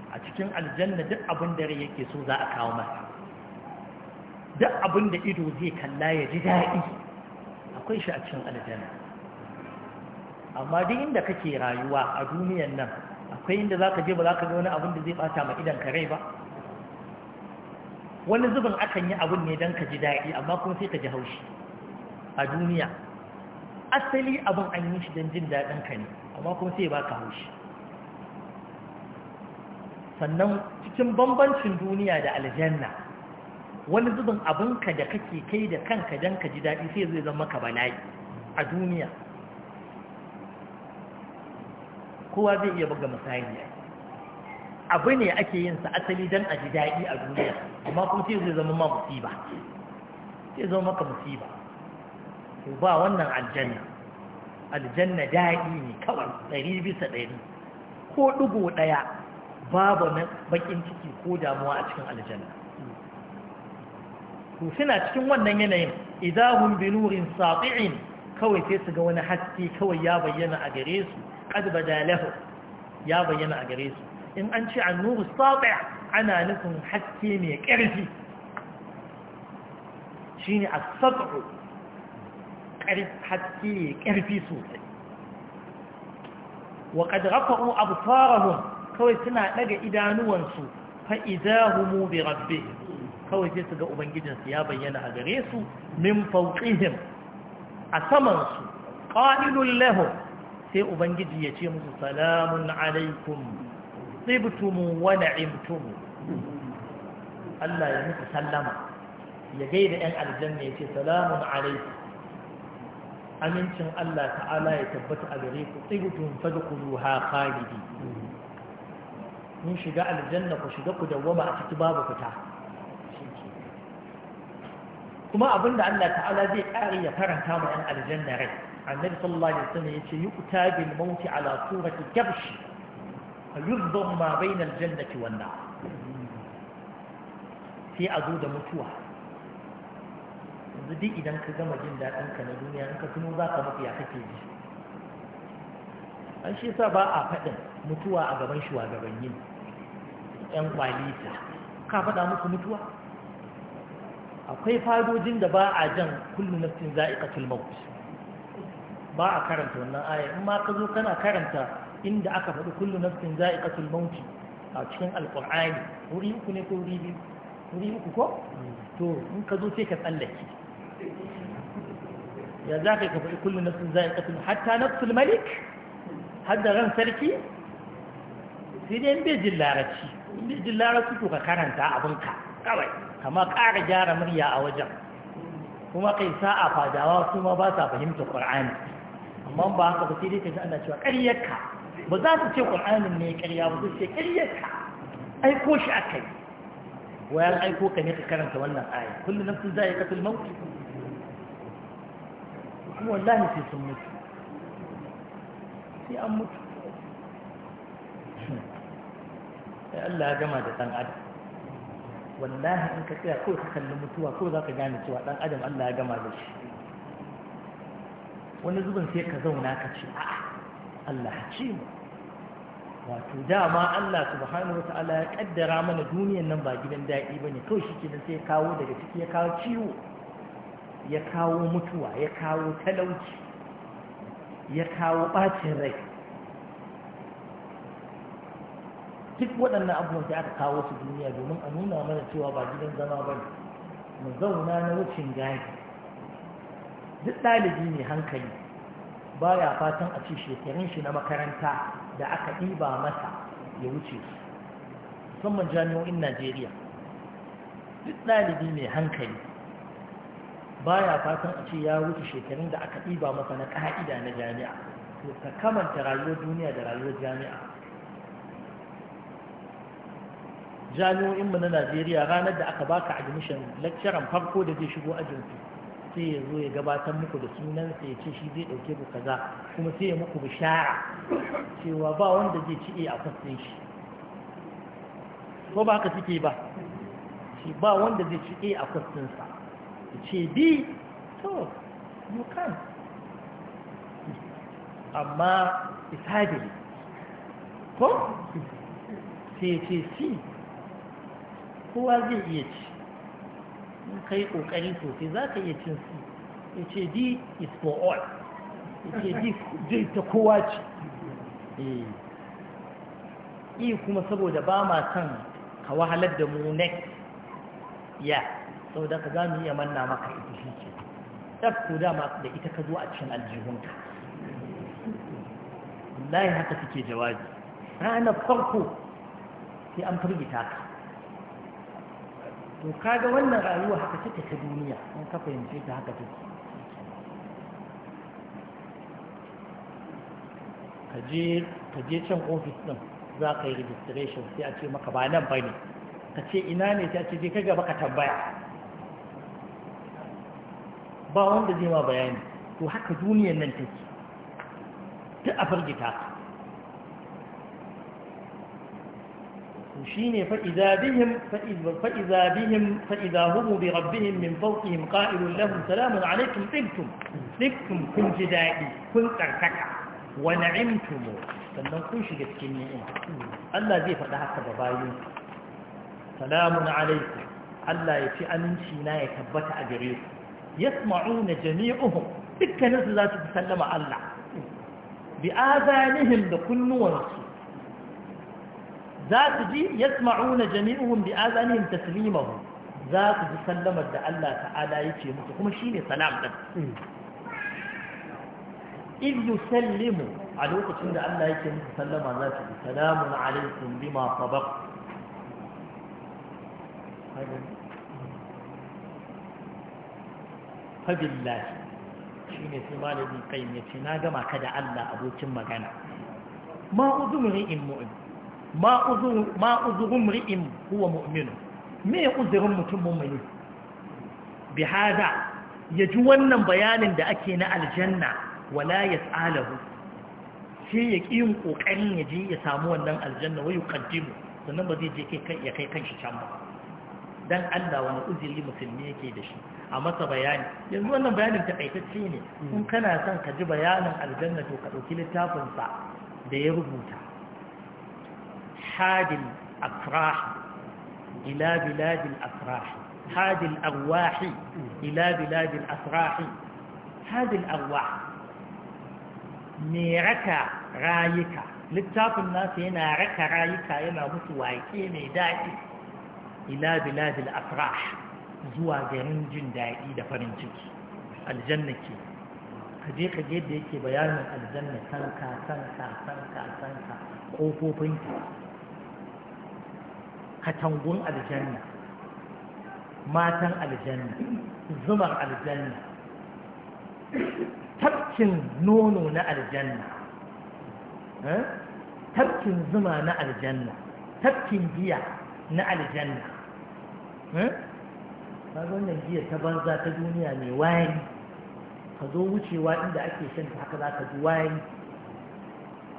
a cikin aljanna duk abin da rai yake so za a kawo masa duk abin ido zai kalla ya ji daɗi akwai shi a cikin aljanna amma duk inda kake rayuwa a duniyan nan akwai inda za ka je ba za ka ga wani abin da zai bata ma idan ka rai ba wani zubin akan yi abun ne don ka ji daɗi amma kuma sai ka ji haushi a duniya asali abun an yi shi don jin daɗin ka ne amma kuma sai ba ka haushi sannan cikin bambancin duniya da aljanna wani zubin ka da kake kai da kanka don ka ji daɗi sai zai zama ka bala'i a duniya kowa zai iya buga misali abu ne ake yin sa asali dan a ji daɗi a duniya amma kuma sai zai zama ma musiba sai zama maka musiba to ba wannan aljanna aljanna daɗi ne kawai ɗari bisa ɗari ko ɗigo ɗaya babu na baƙin ciki ko damuwa a cikin aljanna to suna cikin wannan yanayin idahun binurin safi'in kawai sai su ga wani haske kawai ya bayyana a gare su qad badalahu ya bayyana a gare su in an ce annuru sati ana nufin haske mai ƙarfi shi ne a sabu haske ƙarfi sosai wa ƙadrafa'u abu farahun kawai suna ɗaga idanuwansu fa'izahumu bi rabbi kawai sai su ga ubangijinsu ya bayyana a gare su min fauƙihim a samansu ƙa'ilun lahun sai ubangiji ya ce musu salamun alaikum tibtum wa na'imtum Allah ya muku sallama ya gaida yan aljanna ya ce salamun alaikum amincin Allah ta'ala ya tabbata a gare ku tibtum fadkhuluha khalidi mun shiga aljanna ku shiga ku dawwama a ciki babu fita kuma abinda Allah ta'ala zai kare ya faranta mu yan aljanna rai annabi sallallahu alaihi wasallam yace yuqta bil mauti ala surati kabshi yuzbar ma na jannati wanda. sai a zo da mutuwa yanzu duk idan ka gama jin daɗinka na duniya in ka tuno za ka mafiya kake ji an shi sa ba a faɗin mutuwa a gaban yin ‘yan kwalita ka faɗa musu mutuwa akwai fadojin da ba a jan kullu nafsin za'iqatul maut ba a karanta wannan aya in ma ka zo kana karanta inda aka faɗi kullu nafsin za'iqatul mauti a cikin alqur'ani wuri uku ne ko wuri biyu wuri uku ko to in ka zo sai ka tsallake ya za ka yi ka faɗi kullu nafsin za'iqatul hatta nafsul malik har ran sarki sai dai in bai jin larabci in bai jin larabci to ka karanta abinka kawai kama ƙara gyara murya a wajen kuma kai sa'a fadawa su ma ba sa fahimtar ƙwar'ani amma ba haka ba sai dai ka ji ana cewa ƙaryarka ba za su ce ƙur'anin ne ƙarya ba su ce ƙaryarka aiko shi aka yi wa ya aiko ka ne ka karanta wannan aya kullum nan sun zai katul mauti kuma wallahi sai sun mutu sai an mutu sai Allah ya gama da ɗan adam wallahi in ka tsaya ko ka kalli mutuwa ko za ka gane cewa ɗan adam Allah ya gama da shi wani zubin sai ka zauna ka ce a'a Allah ya ci mu wato dama Allah subhanahu wa ta'ala ya kaddara mana duniyar nan ba gidan daɗi ba ne kawai shi kenan sai ya kawo daga ciki ya kawo ciwo ya kawo mutuwa ya kawo talauci ya kawo ɓacin rai duk waɗannan abubuwan da aka kawo su duniya domin a nuna mana cewa ba gidan zama ba ne mu zauna na wucin gadi duk ɗalibi ne hankali baya fatan a ce shekarun shi na makaranta da aka ɗiba masa ya wuce su musamman jami'o'in najeriya duk ɗalibi mai hankali baya fatan a ce ya wuce shekarun da aka ɗiba masa na ƙa'ida na jami'a to ka kamanta rayuwar duniya da rayuwar jami'a jami'o'inmu na najeriya ranar da aka baka admission lecturer farko da zai shigo ajinsu sai ya zo ya gabatar muku da sunansa ya ce shi zai ɗauke ku kaza kuma sai ya muku bishara cewa ba wanda zai ci a kwasin shi ko ba haka suke ba shi ba wanda zai ci a sa ya ce bi to you can amma isabi ko sai ya ce si kowa zai iya ci in kai ƙoƙari sosai za ka iya cin su ya ce di is for all ya ce di zai ta kowa ce iya eh. e kuma saboda ba ma kan ka wahalar da mu next ya saboda ka za mu iya manna maka ita shi ce ko dama da ita ka zo a cikin aljihunka wallahi haka suke jawabi ranar farko sai an firgita ka to kaga wannan rayuwa haka take ta duniya in ka fahimce ta haka take ka je can ofis din za ka yi registration sai a ce maka ba nan bane ka ce ina ne ta ce je ka gaba ka tambaya ba wanda zai ma bayani to haka duniyar nan take ta afirgita ka. shine fa idza bihim bi rabbihim min fawqihim qa'ilun lahum salamun kun ji kun wa na'imtum sannan kun shiga cikin ni'ima Allah zai faɗi haka ga bayin salamun alaykum Allah ya ci aminci na ya tabbata a gare ku yasma'una jami'uhum dukkaninsu za su sallama Allah bi azanihim da kunnuwansu za su ji ya sma'una jami'un bi azanin taslimahu za su ji sallamar da Allah ta'ala ya ce musu kuma shi ne salam ɗin hmm. idu sallimu a lokacin da Allah ya ce musu sallama za su ji salamun alaikum bi ma sabab fabillahi shi ne su malabi kai ya ce na gama kada da Allah abokin magana ma uzun ri'in mu'in ma uzurin ri'in kuwa mu'minu me uzurin mutum mummuni bi hada ya ji wannan bayanin da ake na aljanna wala ya tsalahu sai ya ƙi yin ƙoƙarin ya ji ya samu wannan aljanna wai kaddimu sannan ba zai je ya kai kan shi can ba dan Allah wani uzuri musulmi yake da shi a masa bayani yanzu wannan bayanin takaitacce ne in kana son ka ji bayanin aljanna to ka ɗauki littafinsa da ya rubuta حاد الأفراح إلى بلاد الأفراح حاد الأرواح إلى بلاد الأفراح حاد الأرواح mai raka rayuka littafin nasa yana raka rayuka yana mutu wake mai daɗi ila biladil afrah zuwa garin jin daɗi da farin ciki aljanna ke kaje kaje da yake bayanin aljanna sanka sanka sanka sanka katangun aljanna matan aljanna zumar aljanna tafkin nono na aljanna eh? tafkin zuma na aljanna tafkin biya na aljanna ba eh? wannan giya ta banza ta duniya mai wayani ka zo wucewa inda ake shan ta haka za ka ji wayani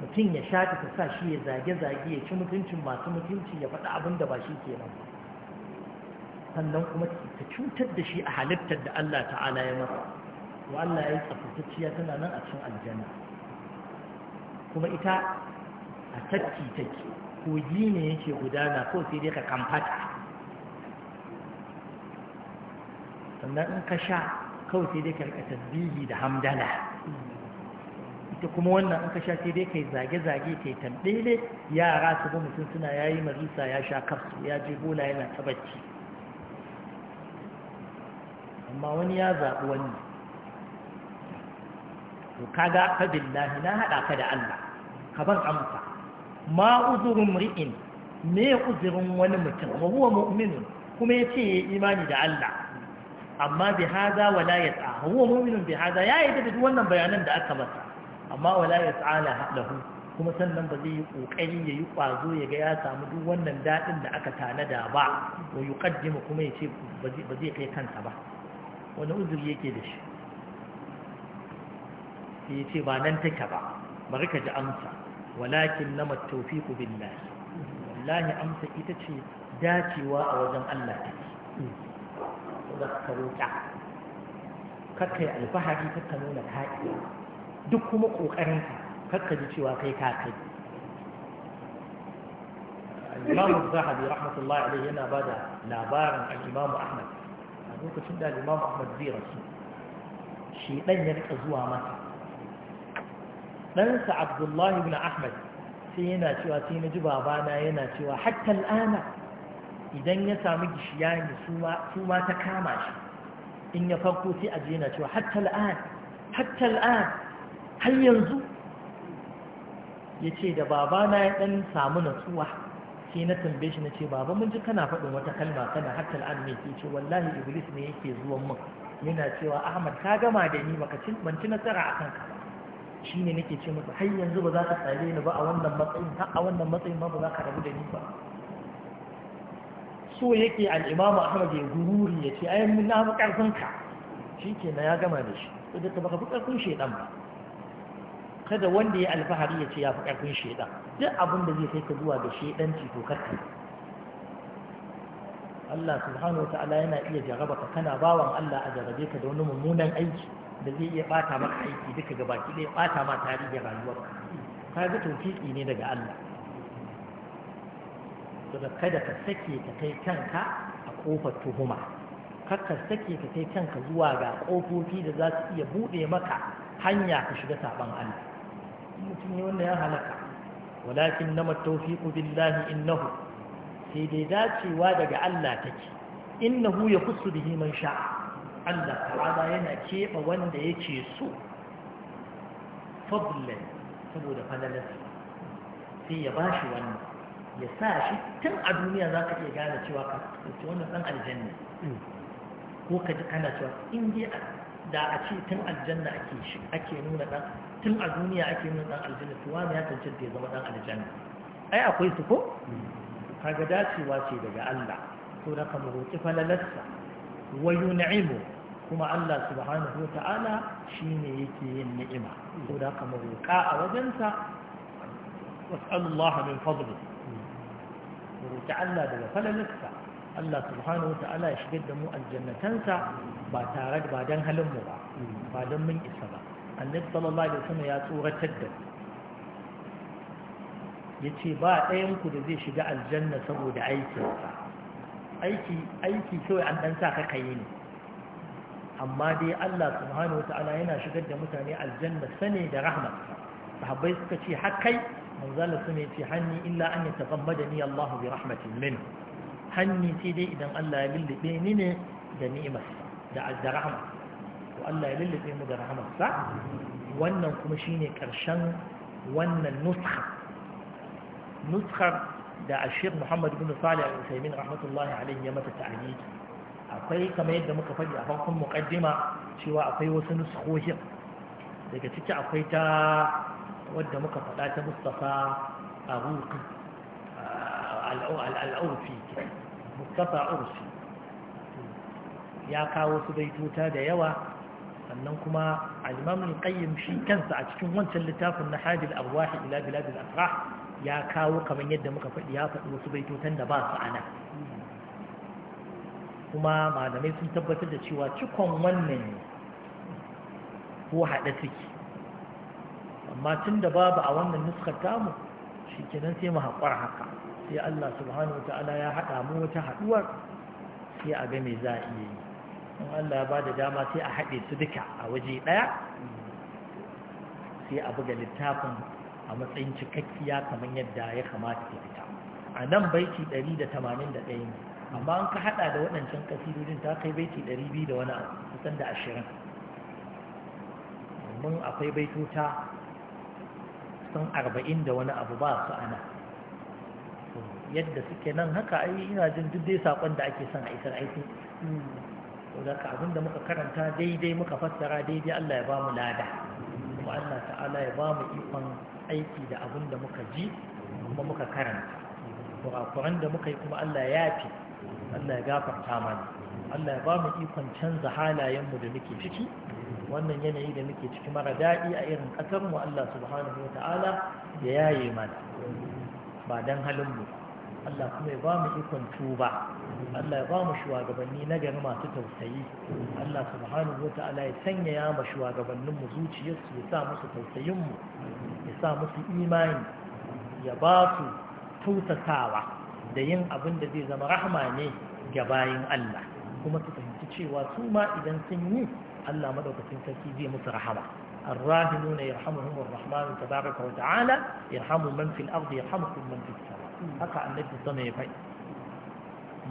mutum ya shata ta sa shi ya zage-zage ya ci mutuncin masu mutunci ya faɗi abin da ba shi ke nan sannan kuma ta cutar da shi a halittar da Allah ta'ala ya masa to Allah ya yi tsaftatacciya tana nan a cikin aljanna kuma ita a tatti take kogi ne yake gudana ko sai dai ka kamfata sannan in ka sha kawai sai dai ka rika tasbihi da hamdala ita kuma wannan in ka sha sai dai kai zage-zage kai tamɗele yara su ba mutum suna ya yi marisa ya sha kafsu ya je bola yana tabacci amma wani ya zaɓi wani to kaga ka billahi na haɗa ka da Allah ka ban amsa ma uzurin ri'in me uzurin wani mutum ma huwa mu'minun kuma ya ce ya imani da Allah amma bi haza wala ya tsaha, huwa mu'minun bi haza ya yi da duk wannan bayanan da aka masa amma wala ya tsala lahu kuma sannan ba zai yi ƙoƙari ya yi ƙwazo ya ga ya samu duk wannan daɗin da aka tanada ba wa yuqaddimu kuma ya ce ba zai kai kansa ba wani uzuri yake da shi sai ya ce ba nan take ba bari ka ji amsa walakin na bin billahi wallahi amsa ita ce dacewa a wajen Allah take ka roƙa kakai alfahari kakka nuna ka'iya duk kuma ƙoƙarinka kakka ji cewa kai ka kai imamu zahabi rahmatullahi alaihi yana ba da labarin al'imamu ahmad a lokacin da al'imamu ahmad zai rasu shi dan ya rika zuwa masa ɗansa abdullahi ibn ahmad sai yana cewa sai na ji babana yana cewa hatta al'ana idan ya sami gishiya ne su ta kama shi in ya farko sai aji yana cewa hatta al'an hatta al'an har yanzu ya ce da babana ya ɗan samu natsuwa sai na tambaye shi na ce baba mun ji kana faɗin wata kalma kana hatta al'an mai ke ce wallahi iblis ne yake zuwan mun. yana cewa ahmad ka gama da ni baka cin ban ci nasara a kanka shi ne nake ce musu har yanzu ba za ka tsale ni ba a wannan matsayin Ha a wannan matsayin ma ba za ka rabu da ni ba so yake al'imamu ahmad ya gururi ya ce ai mun na fi ƙarfinka shi ke na ya gama da shi ko da ka baka fi ƙarfin shaidan ba kada wanda ya alfahari ya ce ya fi ƙarfin shaidan duk abin da zai kai ka zuwa ga shaidanci to karka Allah subhanahu wata'ala yana iya jaraba ka kana bawan Allah a jarabe ka da wani mummunan aiki da zai iya bata maka aiki duka ga baki ɗaya bata ma tarihi rayuwar ka ga tofiki ne daga Allah daga kada ka sake ka kai kanka a kofar tuhuma kakka sake ka kai kanka zuwa ga kofofi da za su iya buɗe maka hanya ka shiga saban Allah mutum ne wanda ya halaka walakin na mataufiku billahi innahu sai dai dacewa daga Allah take innahu ya kusu da man sha'a Allah ta'ala yana keɓa wanda yake so fadlan saboda falalarsa sai ya bashi wannan ya sa shi tun a duniya za ka iya gane cewa ka tsoci wannan ɗan aljanna mm. ko ka ji kana cewa in dai da a ce tun aljanna ake nuna ɗan tun a duniya ake nuna ɗan aljanna to wani ya cancanta ya zama ɗan aljanna ai akwai su ko kaga dacewa ce daga Allah to da kamar roƙi falalarsa wa yun'imu kuma Allah subhanahu wa ta'ala ne yake yin ni'ima to da kamar roƙa a wajensa was'alullah min fadli roƙi Allah daga falalarsa Allah subhanahu wa ta'ala ya shigar da mu aljannatansa ba tare da ba don halin mu ba ba don mun isa ba annabi sallallahu alaihi wasallam ya tsoratar da yace ba ɗayan ku da zai shiga aljanna saboda aikinsa aiki aiki kawai an dan sa ka kai ne amma dai Allah subhanahu wata'ala yana shigar da mutane aljanna sane da rahmat sahabbai suka ce hakai manzala su ne ce hanni illa an yataghammadani Allah bi rahmatin min hanni sai dai idan Allah ya lullube ni ne da ni'imar da rahmat Allah ya lullube mu da rahamarsa wannan kuma shine ƙarshen wannan nuskha nuskhar da ashir Muhammad ibn Salih al-Utsaimin rahmatullahi alayhi ya mata ta'aliki akwai kamar yadda muka faɗi a farkon muqaddima cewa akwai wasu nuskhohin daga ciki akwai ta wadda muka faɗa ta Mustafa al-Urfi Mustafa Urfi ya kawo su baituta da yawa sannan kuma Alimamin imam shi kansa a cikin wancan littafin na hadil arwah ila bilad al ya kawo kamar yadda muka faɗi ya faɗi wasu baitotan da ba su ana kuma malamai sun tabbatar da cewa cikon wannan ko haɗe suke amma tun da babu a wannan nuskar tamu shi kenan sai mu haƙwar haka sai Allah subhanahu wa ta'ala ya haɗa mu wata haɗuwar sai a ga me za a iya yi in Allah ba da dama sai a haɗe su duka a waje ɗaya sai a buga littafin a matsayin cikakkiya kamar yadda ya kamata ke fita a nan baiti 181 ne amma an ka haɗa da waɗancan kasidodin ta kai baiti 200 da wani kusan da ashirin domin akwai baitota sun arba'in da wani abu ba su ana yadda suke nan haka ai ina jin duk dai saƙon da ake son a isar aiki hmm. abin abinda muka karanta daidai muka fassara daidai Allah ya ba mu lada kuma Allah ta'ala ya ba mu ikon aiki da da muka ji kuma muka karanta kurakuran da muka yi kuma Allah ya fi Allah ya gafarta mana Allah ya ba mu ikon canza halayenmu da muke ciki wannan yanayi da muke ciki mara daɗi a irin ƙasarmu Allah subhanahu wa ta'ala ya yaye mana ba don halinmu ba Allah kuma ya ba mu ikon tuba Allah ya ba mu shugabanni na gari masu tausayi Allah subhanahu wata'ala ya sanya ya ma shugabannin mu zuciyarsu ya sa musu tausayin mu ya sa musu imani ya ba su tausasawa da yin abin da zai zama rahma ne ga bayin Allah kuma su fahimci cewa su ma idan sun yi Allah madaukakin sarki zai musu rahama الراهنون يرحمهم الرحمن تبارك وتعالى يرحم من في الأرض يرحمكم من في السماء haka annabi sama ya faɗi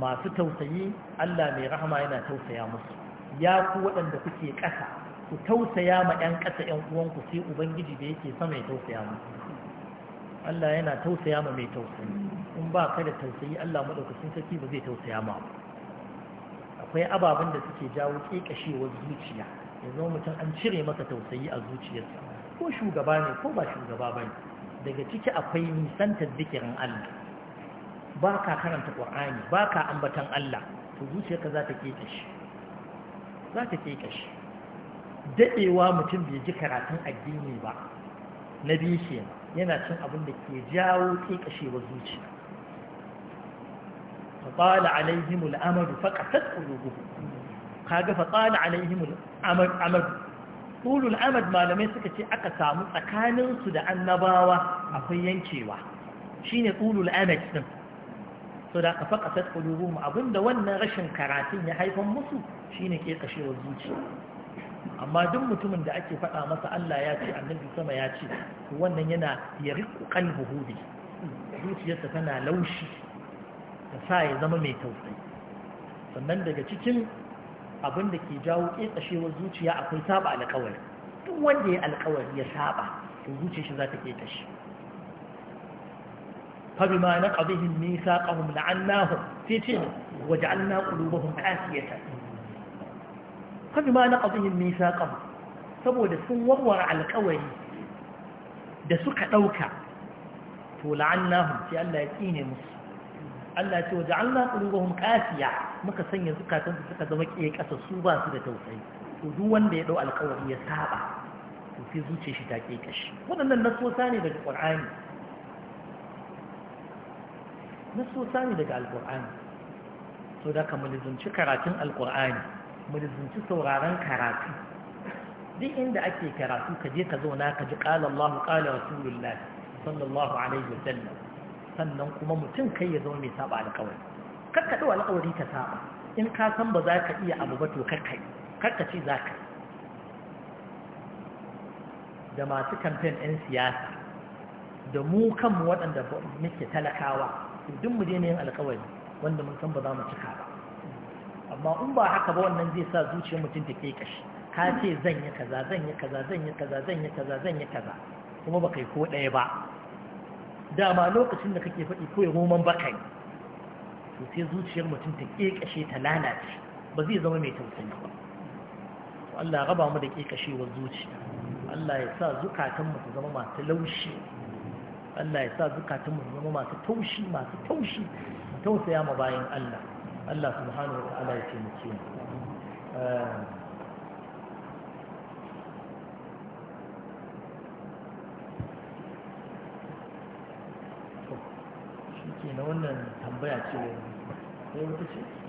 masu tausayi Allah mai rahama yana tausaya musu ya ku waɗanda kuke ƙasa ku tausaya ma 'yan ƙasa 'yan uwanku sai ubangiji da yake sama ya tausaya musu Allah yana tausaya ma mai tausayi in ba ka da tausayi Allah madaukakin sarki ba zai tausaya ma akwai ababen da suke jawo ƙeƙashewar zuciya yanzu mutum an cire masa tausayi a zuciyarsa ko shugaba ne ko ba shugaba ba ne daga ciki akwai nisantar zikirin Allah ba ka karanta ƙwar'ani ba ka ambatan Allah to zuciyarka za ta keta shi za ta shi daɗewa mutum bai ji karatun addini ba na bishi yana cin abin da ke jawo kekashewar zuciya fatsala alaihim al'amadu faƙatat malamai suka ce aka samu tsakaninsu da annabawa akwai yankewa shine ƙulul amad so da ka faƙa ta ƙulubu mu abinda wannan rashin karatun ya haifan musu shine ke kashewar zuciya amma duk mutumin da ake faɗa masa Allah ya ce annabi sama ya ce wannan yana ya riƙu kalbuhu bi zuciyarsa tana laushi da sa ya zama mai tausayi sannan daga cikin abin da ke jawo ƙeƙashewar zuciya akwai saba alƙawari duk wanda ya alƙawari ya saba to zuciyar shi za ta ƙeƙashe فبما نقضهم ميثاقهم لعناهم في تلك وجعلنا قلوبهم قاسية فبما نقضهم ميثاقهم saboda sun warware alkawari da suka ɗauka to la'annahum sai Allah ya tsine musu Allah ce waje Allah qulubuhum qasiya muka sanya zukatan su suka zama kiyaye kasa su ba su da tausayi to duk wanda ya dau alkawari ya saba to sai zuce shi ta kike shi waɗannan nasosa ne daga Qur'ani nasusa ne daga alƙur'ani so da ka mulzunci karatun alƙur'ani mulzunci sauraron karatu duk inda ake karatu ka je ka zauna ka ji ƙala Allah ƙala sallallahu alaihi wasallam sannan kuma mutum kai ya zama mai saba alƙawari kar ka ɗau alƙawari ka saba in ka san ba za ka iya abu ba to kar ka ce za ka yi da masu kamfen 'yan siyasa da mu kanmu waɗanda muke talakawa to duk mu daina yin alkawari wanda mun san ba za mu cika ba amma in ba haka ba wannan zai sa zuciyar mutum ta kai kashi ka ce zan yi kaza zan yi kaza zan yi kaza zan yi kaza zan yi kaza kuma ba kai ko ɗaya ba dama lokacin da kake faɗi ko ya roman bakai to sai zuciyar mutum ta ta lalace ba zai zama mai tausayi ba Allah raba mu da kekashewar zuciya Allah ya sa mu ta zama masu laushi Allah ya sa zukatan mu zama masu taushi masu taushi mu tausaya ma bayan Allah Allah subhanahu wa ta'ala ya taimake mu eh, shi ke na wannan tambaya ce sai eh, wata ce